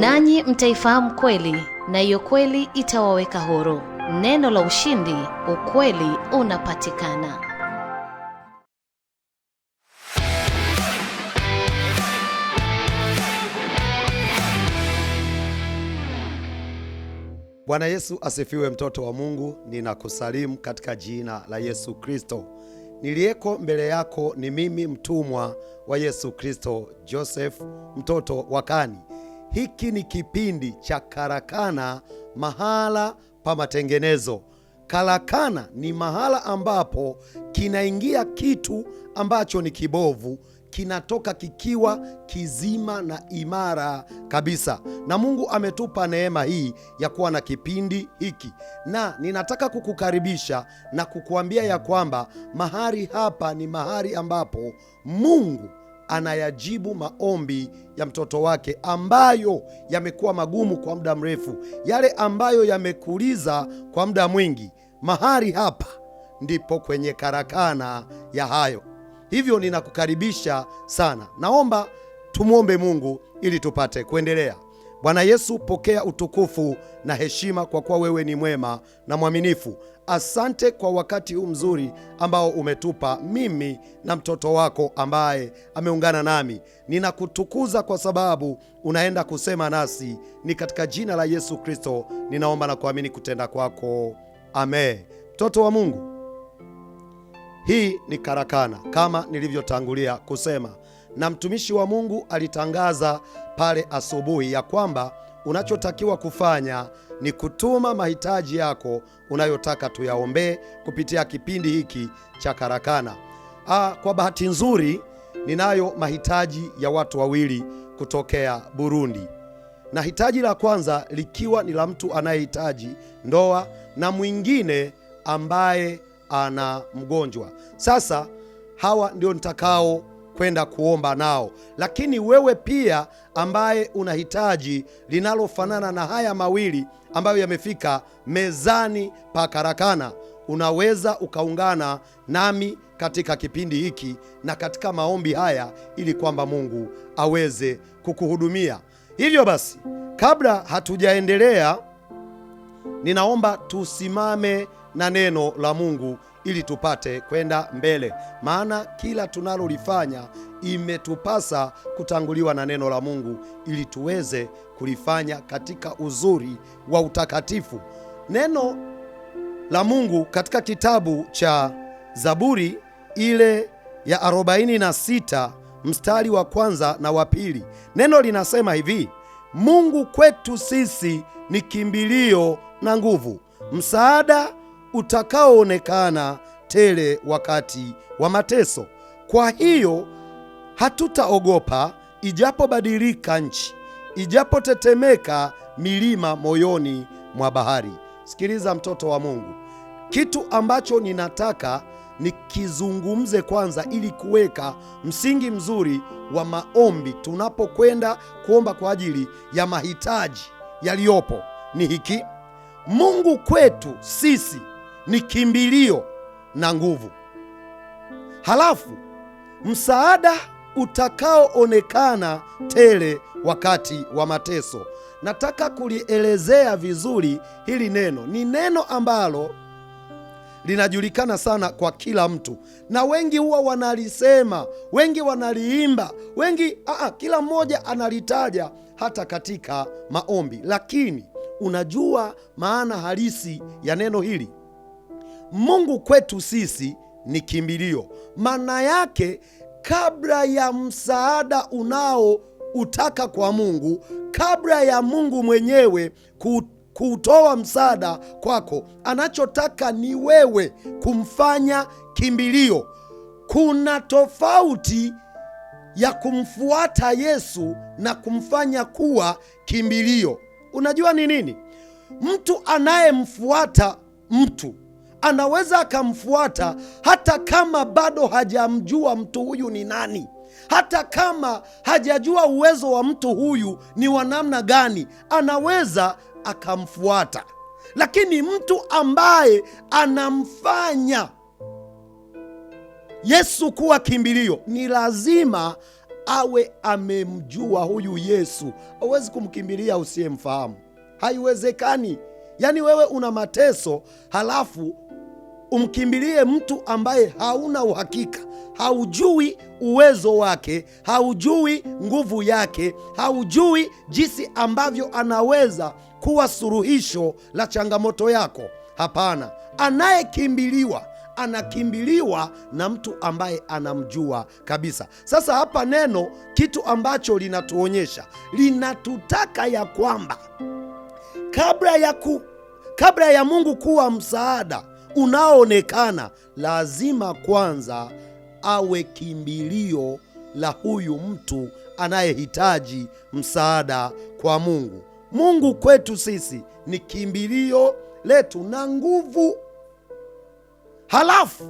Nanyi mtaifahamu kweli na hiyo kweli itawaweka huru. Neno la ushindi, ukweli unapatikana. Bwana Yesu asifiwe, mtoto wa Mungu, ninakusalimu katika jina la Yesu Kristo. Niliyeko mbele yako ni mimi mtumwa wa Yesu Kristo, Joseph mtoto wa Kani. Hiki ni kipindi cha karakana, mahala pa matengenezo. Karakana ni mahala ambapo kinaingia kitu ambacho ni kibovu kinatoka kikiwa kizima na imara kabisa. Na Mungu ametupa neema hii ya kuwa na kipindi hiki, na ninataka kukukaribisha na kukuambia ya kwamba mahali hapa ni mahali ambapo Mungu anayajibu maombi ya mtoto wake ambayo yamekuwa magumu kwa muda mrefu, yale ambayo yamekuliza kwa muda mwingi. Mahali hapa ndipo kwenye karakana ya hayo. Hivyo ninakukaribisha sana, naomba tumwombe Mungu ili tupate kuendelea. Bwana Yesu, pokea utukufu na heshima, kwa kuwa wewe ni mwema na mwaminifu. Asante kwa wakati huu mzuri ambao umetupa mimi na mtoto wako ambaye ameungana nami. Ninakutukuza kwa sababu unaenda kusema nasi. Ni katika jina la Yesu Kristo ninaomba na kuamini kutenda kwako, amen. Mtoto wa Mungu, hii ni karakana kama nilivyotangulia kusema, na mtumishi wa Mungu alitangaza pale asubuhi ya kwamba unachotakiwa kufanya ni kutuma mahitaji yako unayotaka tuyaombee kupitia kipindi hiki cha karakana. Aa, ah, kwa bahati nzuri ninayo mahitaji ya watu wawili kutokea Burundi, na hitaji la kwanza likiwa ni la mtu anayehitaji ndoa na mwingine ambaye ana mgonjwa. Sasa hawa ndio nitakao kwenda kuomba nao, lakini wewe pia ambaye unahitaji linalofanana na haya mawili ambayo yamefika mezani pa karakana, unaweza ukaungana nami katika kipindi hiki na katika maombi haya ili kwamba Mungu aweze kukuhudumia. Hivyo basi, kabla hatujaendelea, ninaomba tusimame na neno la Mungu ili tupate kwenda mbele, maana kila tunalolifanya imetupasa kutanguliwa na neno la Mungu ili tuweze kulifanya katika uzuri wa utakatifu. Neno la Mungu katika kitabu cha Zaburi ile ya 46 mstari wa kwanza na wa pili, neno linasema hivi: Mungu kwetu sisi ni kimbilio na nguvu, msaada utakaoonekana tele wakati wa mateso. Kwa hiyo hatutaogopa, ijapobadilika nchi, ijapotetemeka milima moyoni mwa bahari. Sikiliza mtoto wa Mungu, kitu ambacho ninataka nikizungumze kwanza, ili kuweka msingi mzuri wa maombi tunapokwenda kuomba kwa ajili ya mahitaji yaliyopo, ni hiki: Mungu kwetu sisi ni kimbilio na nguvu. Halafu msaada utakaoonekana tele wakati wa mateso. Nataka kulielezea vizuri hili neno. Ni neno ambalo linajulikana sana kwa kila mtu, na wengi huwa wanalisema, wengi wanaliimba, wengi aa, kila mmoja analitaja hata katika maombi. Lakini unajua maana halisi ya neno hili? Mungu kwetu sisi ni kimbilio. Maana yake kabla ya msaada unaoutaka kwa Mungu, kabla ya Mungu mwenyewe kutoa msaada kwako, anachotaka ni wewe kumfanya kimbilio. Kuna tofauti ya kumfuata Yesu na kumfanya kuwa kimbilio. Unajua ni nini? Mtu anayemfuata mtu anaweza akamfuata hata kama bado hajamjua mtu huyu ni nani, hata kama hajajua uwezo wa mtu huyu ni wa namna gani, anaweza akamfuata. Lakini mtu ambaye anamfanya Yesu kuwa kimbilio ni lazima awe amemjua huyu Yesu. Hawezi kumkimbilia usiyemfahamu, haiwezekani. Yaani wewe una mateso halafu umkimbilie mtu ambaye hauna uhakika, haujui uwezo wake, haujui nguvu yake, haujui jinsi ambavyo anaweza kuwa suluhisho la changamoto yako. Hapana, anayekimbiliwa anakimbiliwa na mtu ambaye anamjua kabisa. Sasa hapa neno, kitu ambacho linatuonyesha linatutaka ya kwamba kabla ya ku, kabla ya Mungu kuwa msaada unaoonekana, lazima kwanza awe kimbilio la huyu mtu anayehitaji msaada kwa Mungu. Mungu kwetu sisi ni kimbilio letu na nguvu. Halafu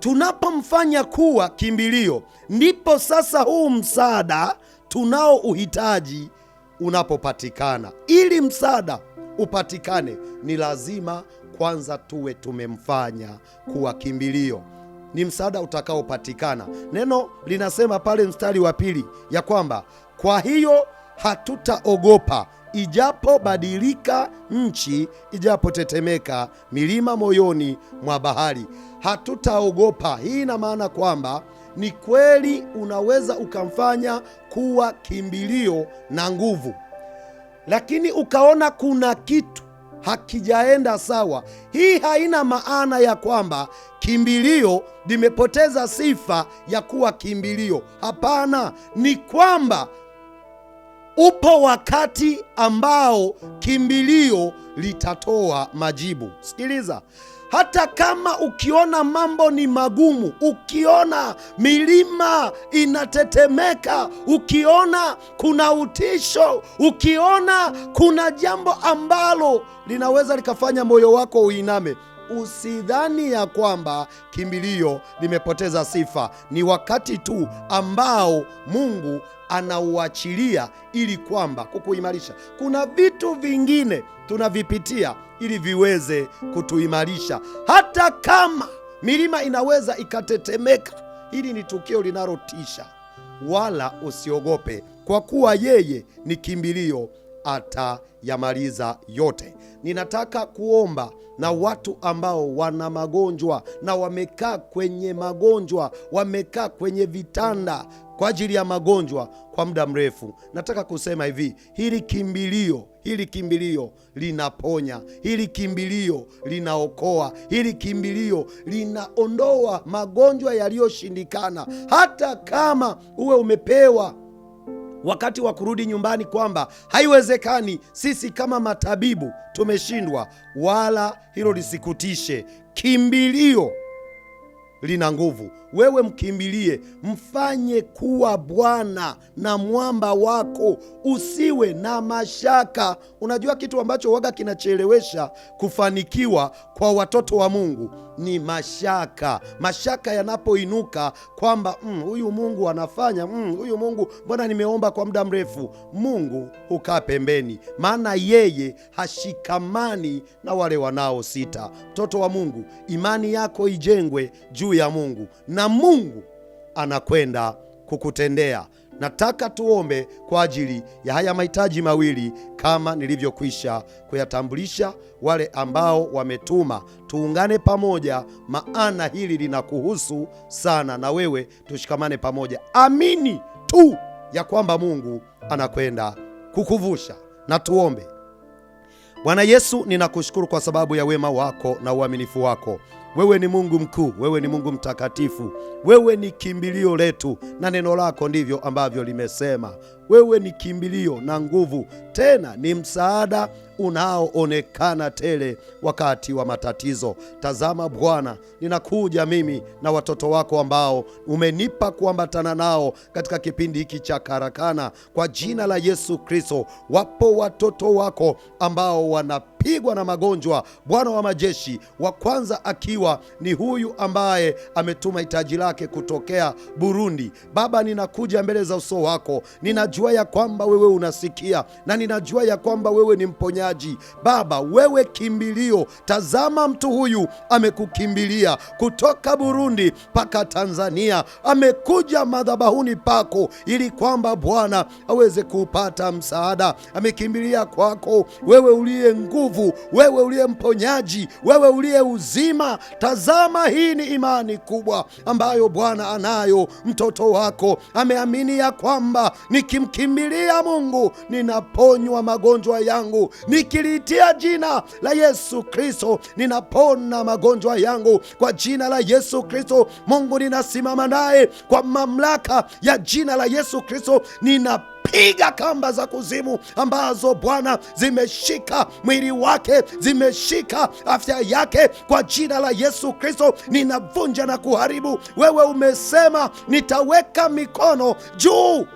tunapomfanya kuwa kimbilio, ndipo sasa huu msaada tunao uhitaji unapopatikana. Ili msaada upatikane, ni lazima kwanza tuwe tumemfanya kuwa kimbilio ni msaada utakaopatikana. Neno linasema pale mstari wa pili ya kwamba kwa hiyo hatutaogopa ijapobadilika nchi, ijapotetemeka milima moyoni mwa bahari, hatutaogopa. Hii ina maana kwamba ni kweli unaweza ukamfanya kuwa kimbilio na nguvu, lakini ukaona kuna kitu hakijaenda sawa. Hii haina maana ya kwamba kimbilio limepoteza sifa ya kuwa kimbilio. Hapana, ni kwamba upo wakati ambao kimbilio litatoa majibu. Sikiliza. Hata kama ukiona mambo ni magumu, ukiona milima inatetemeka, ukiona kuna utisho, ukiona kuna jambo ambalo linaweza likafanya moyo wako uiname, Usidhani ya kwamba kimbilio limepoteza sifa. Ni wakati tu ambao Mungu anauachilia ili kwamba kukuimarisha. Kuna vitu vingine tunavipitia ili viweze kutuimarisha, hata kama milima inaweza ikatetemeka. Hili ni tukio linalotisha, wala usiogope, kwa kuwa yeye ni kimbilio atayamaliza yote. Ninataka kuomba na watu ambao wana magonjwa na wamekaa kwenye magonjwa, wamekaa kwenye vitanda kwa ajili ya magonjwa kwa muda mrefu. Nataka kusema hivi, hili kimbilio, hili kimbilio linaponya, hili kimbilio linaokoa, hili kimbilio linaondoa magonjwa yaliyoshindikana, hata kama uwe umepewa wakati wa kurudi nyumbani kwamba haiwezekani, sisi kama matabibu tumeshindwa, wala hilo lisikutishe. Kimbilio lina nguvu. Wewe mkimbilie, mfanye kuwa Bwana na mwamba wako, usiwe na mashaka. Unajua kitu ambacho waga kinachelewesha kufanikiwa kwa watoto wa Mungu ni mashaka. Mashaka yanapoinuka kwamba mm, huyu Mungu anafanya mm, huyu Mungu mbona nimeomba kwa muda mrefu, Mungu hukaa pembeni, maana yeye hashikamani na wale wanao sita Mtoto wa Mungu, imani yako ijengwe juu ya Mungu na Mungu anakwenda kukutendea. Nataka tuombe kwa ajili ya haya mahitaji mawili kama nilivyokwisha kuyatambulisha, wale ambao wametuma, tuungane pamoja, maana hili linakuhusu sana, na wewe tushikamane pamoja. Amini tu ya kwamba Mungu anakwenda kukuvusha. Na tuombe. Bwana Yesu, ninakushukuru kwa sababu ya wema wako na uaminifu wako. Wewe ni Mungu mkuu, wewe ni Mungu mtakatifu, wewe ni kimbilio letu, na neno lako ndivyo ambavyo limesema. Wewe ni kimbilio na nguvu, tena ni msaada unaoonekana tele wakati wa matatizo. Tazama Bwana, ninakuja mimi na watoto wako ambao umenipa kuambatana nao katika kipindi hiki cha karakana, kwa jina la Yesu Kristo. Wapo watoto wako ambao wana watapigwa na magonjwa. Bwana wa majeshi wa kwanza akiwa ni huyu ambaye ametuma hitaji lake kutokea Burundi. Baba, ninakuja mbele za uso wako, ninajua ya kwamba wewe unasikia na ninajua ya kwamba wewe ni mponyaji. Baba, wewe kimbilio, tazama mtu huyu amekukimbilia kutoka Burundi mpaka Tanzania, amekuja madhabahuni pako ili kwamba Bwana aweze kupata msaada. Amekimbilia kwako wewe uliye nguvu nguvu, wewe uliye mponyaji, wewe uliye uzima. Tazama, hii ni imani kubwa ambayo Bwana anayo. Mtoto wako ameamini ya kwamba nikimkimbilia Mungu ninaponywa magonjwa yangu, nikiliitia jina la Yesu Kristo ninapona magonjwa yangu. Kwa jina la Yesu Kristo, Mungu ninasimama naye kwa mamlaka ya jina la Yesu Kristo nina piga kamba za kuzimu ambazo Bwana zimeshika mwili wake, zimeshika afya yake. Kwa jina la Yesu Kristo ninavunja na kuharibu. Wewe umesema nitaweka mikono juu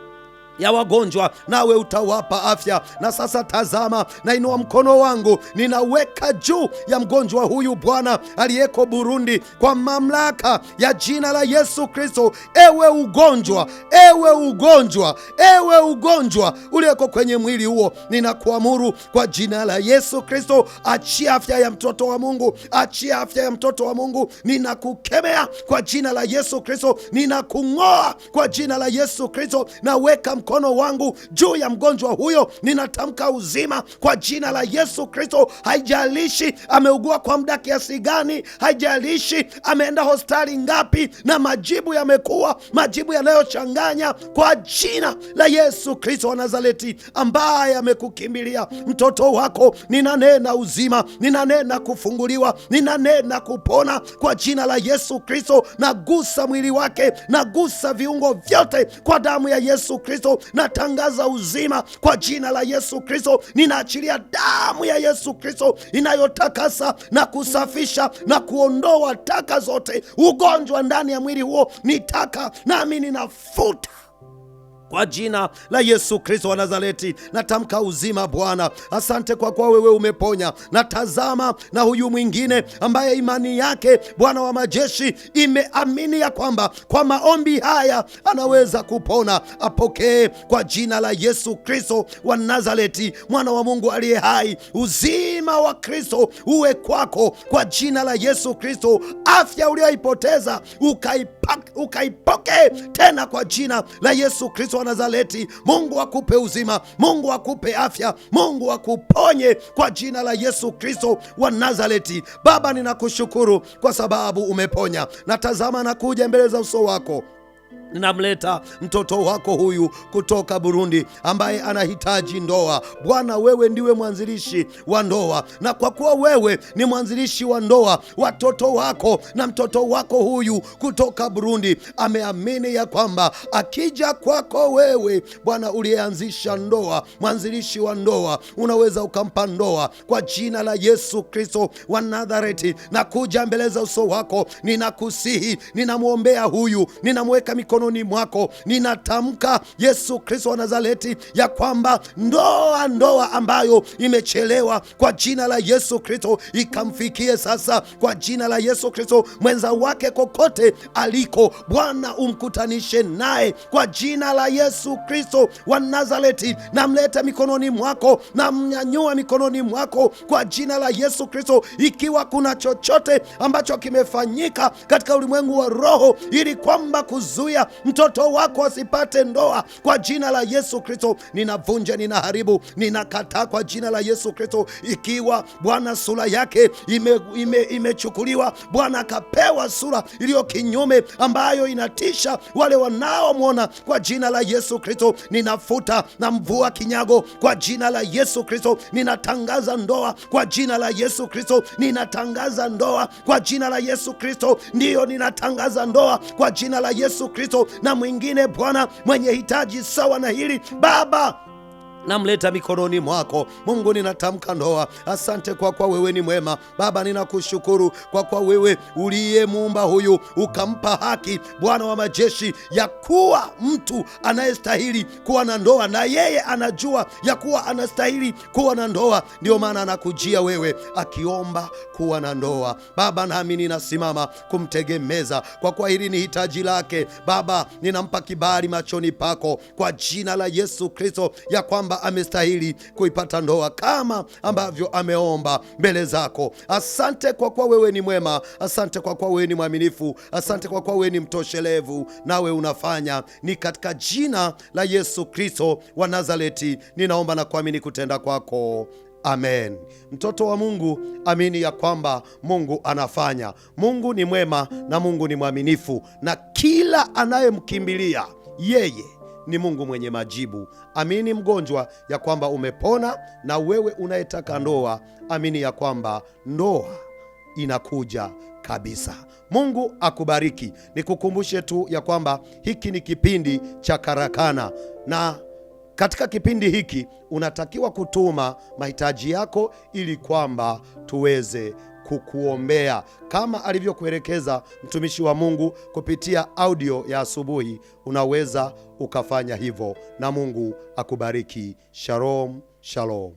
ya wagonjwa, nawe utawapa afya. Na sasa tazama, nainua mkono wangu, ninaweka juu ya mgonjwa huyu Bwana aliyeko Burundi, kwa mamlaka ya jina la Yesu Kristo. Ewe ugonjwa, ewe ugonjwa, ewe ugonjwa uliyeko kwenye mwili huo, ninakuamuru kwa jina la Yesu Kristo, achia afya ya mtoto wa Mungu, achia afya ya mtoto wa Mungu. Ninakukemea kwa jina la Yesu Kristo, ninakung'oa kwa jina la Yesu Kristo, naweka mkono wangu juu ya mgonjwa huyo, ninatamka uzima kwa jina la Yesu Kristo. Haijalishi ameugua kwa muda kiasi gani, haijalishi ameenda hospitali ngapi, na majibu yamekuwa majibu yanayochanganya kwa jina la Yesu Kristo wa Nazareti, ambaye amekukimbilia mtoto wako. Ninanena uzima, ninanena kufunguliwa, ninanena kupona kwa jina la Yesu Kristo. Nagusa mwili wake, nagusa viungo vyote kwa damu ya Yesu Kristo natangaza uzima kwa jina la Yesu Kristo. Ninaachilia damu ya Yesu Kristo inayotakasa na kusafisha na kuondoa taka zote. Ugonjwa ndani ya mwili huo ni taka, nami ninafuta kwa jina la Yesu Kristo wa Nazareti natamka uzima Bwana. Asante kwa kuwa wewe umeponya, na tazama na huyu mwingine ambaye imani yake Bwana wa majeshi imeamini ya kwamba kwa maombi haya anaweza kupona, apokee kwa jina la Yesu Kristo wa Nazareti, mwana wa Mungu aliye hai. Uzima wa Kristo uwe kwako kwa jina la Yesu Kristo. Afya uliyoipoteza ukaipokee tena kwa jina la Yesu Kristo Yesu wa Nazareti. Mungu akupe uzima, Mungu akupe afya, Mungu akuponye kwa jina la Yesu Kristo wa Nazareti. Baba, ninakushukuru kwa sababu umeponya, na tazama nakuja mbele za uso wako Namleta mtoto wako huyu kutoka Burundi ambaye anahitaji ndoa. Bwana, wewe ndiwe mwanzilishi wa ndoa, na kwa kuwa wewe ni mwanzilishi wa ndoa, watoto wako na mtoto wako huyu kutoka Burundi ameamini ya kwamba akija kwako wewe, Bwana uliyeanzisha ndoa, mwanzilishi wa ndoa, unaweza ukampa ndoa. Kwa jina la Yesu Kristo wa Nazareti, na kuja mbele za uso wako, ninakusihi, ninamwombea huyu, ninamweka mikono mikononi mwako. Ninatamka Yesu Kristo wa Nazareti ya kwamba ndoa ndoa ambayo imechelewa kwa jina la Yesu Kristo ikamfikie sasa, kwa jina la Yesu Kristo. Mwenza wake kokote aliko, Bwana umkutanishe naye kwa jina la Yesu Kristo wa Nazareti. Namleta mikononi mwako, namnyanyua mikononi mwako kwa jina la Yesu Kristo. Ikiwa kuna chochote ambacho kimefanyika katika ulimwengu wa roho ili kwamba kuzuia mtoto wako asipate ndoa kwa jina la Yesu Kristo. Ninavunja, ninaharibu, ninakataa kwa jina la Yesu Kristo. Ikiwa Bwana sura yake imechukuliwa ime, ime Bwana akapewa sura iliyo kinyume ambayo inatisha wale wanaomwona kwa jina la Yesu Kristo, ninafuta na mvua kinyago kwa jina la Yesu Kristo. Ninatangaza ndoa kwa jina la Yesu Kristo. Ninatangaza ndoa kwa jina la Yesu Kristo. Ndiyo, ninatangaza ndoa kwa jina la Yesu Kristo na mwingine Bwana mwenye hitaji sawa na hili Baba namleta mikononi mwako. Mungu, ninatamka ndoa. Asante kwa kwa wewe ni mwema. Baba, ninakushukuru kwa kwa wewe muumba huyu ukampa haki, Bwana wa majeshi, ya kuwa mtu anayestahili kuwa na ndoa, na yeye anajua ya kuwa anastahili kuwa na ndoa. Ndiyo maana anakujia wewe akiomba kuwa na ndoa. Baba, nami ninasimama kumtegemeza kwa kwa hili ni hitaji lake. Baba, ninampa kibali machoni pako kwa jina la Yesu Kristo ya kwamba kwamba amestahili kuipata ndoa kama ambavyo ameomba mbele zako. Asante kwa kuwa wewe ni mwema, asante kwa kuwa wewe ni mwaminifu, asante kwa kuwa wewe ni mtoshelevu, nawe unafanya. Ni katika jina la Yesu Kristo wa Nazareti ninaomba na kuamini kutenda kwako. Amen. Mtoto wa Mungu, amini ya kwamba Mungu anafanya. Mungu ni mwema na Mungu ni mwaminifu, na kila anayemkimbilia yeye ni Mungu mwenye majibu. Amini mgonjwa ya kwamba umepona, na wewe unayetaka ndoa amini ya kwamba ndoa inakuja kabisa. Mungu akubariki. Nikukumbushe tu ya kwamba hiki ni kipindi cha Karakana na katika kipindi hiki unatakiwa kutuma mahitaji yako ili kwamba tuweze kukuombea kama alivyokuelekeza mtumishi wa Mungu kupitia audio ya asubuhi. Unaweza ukafanya hivyo, na Mungu akubariki. Shalom, shalom.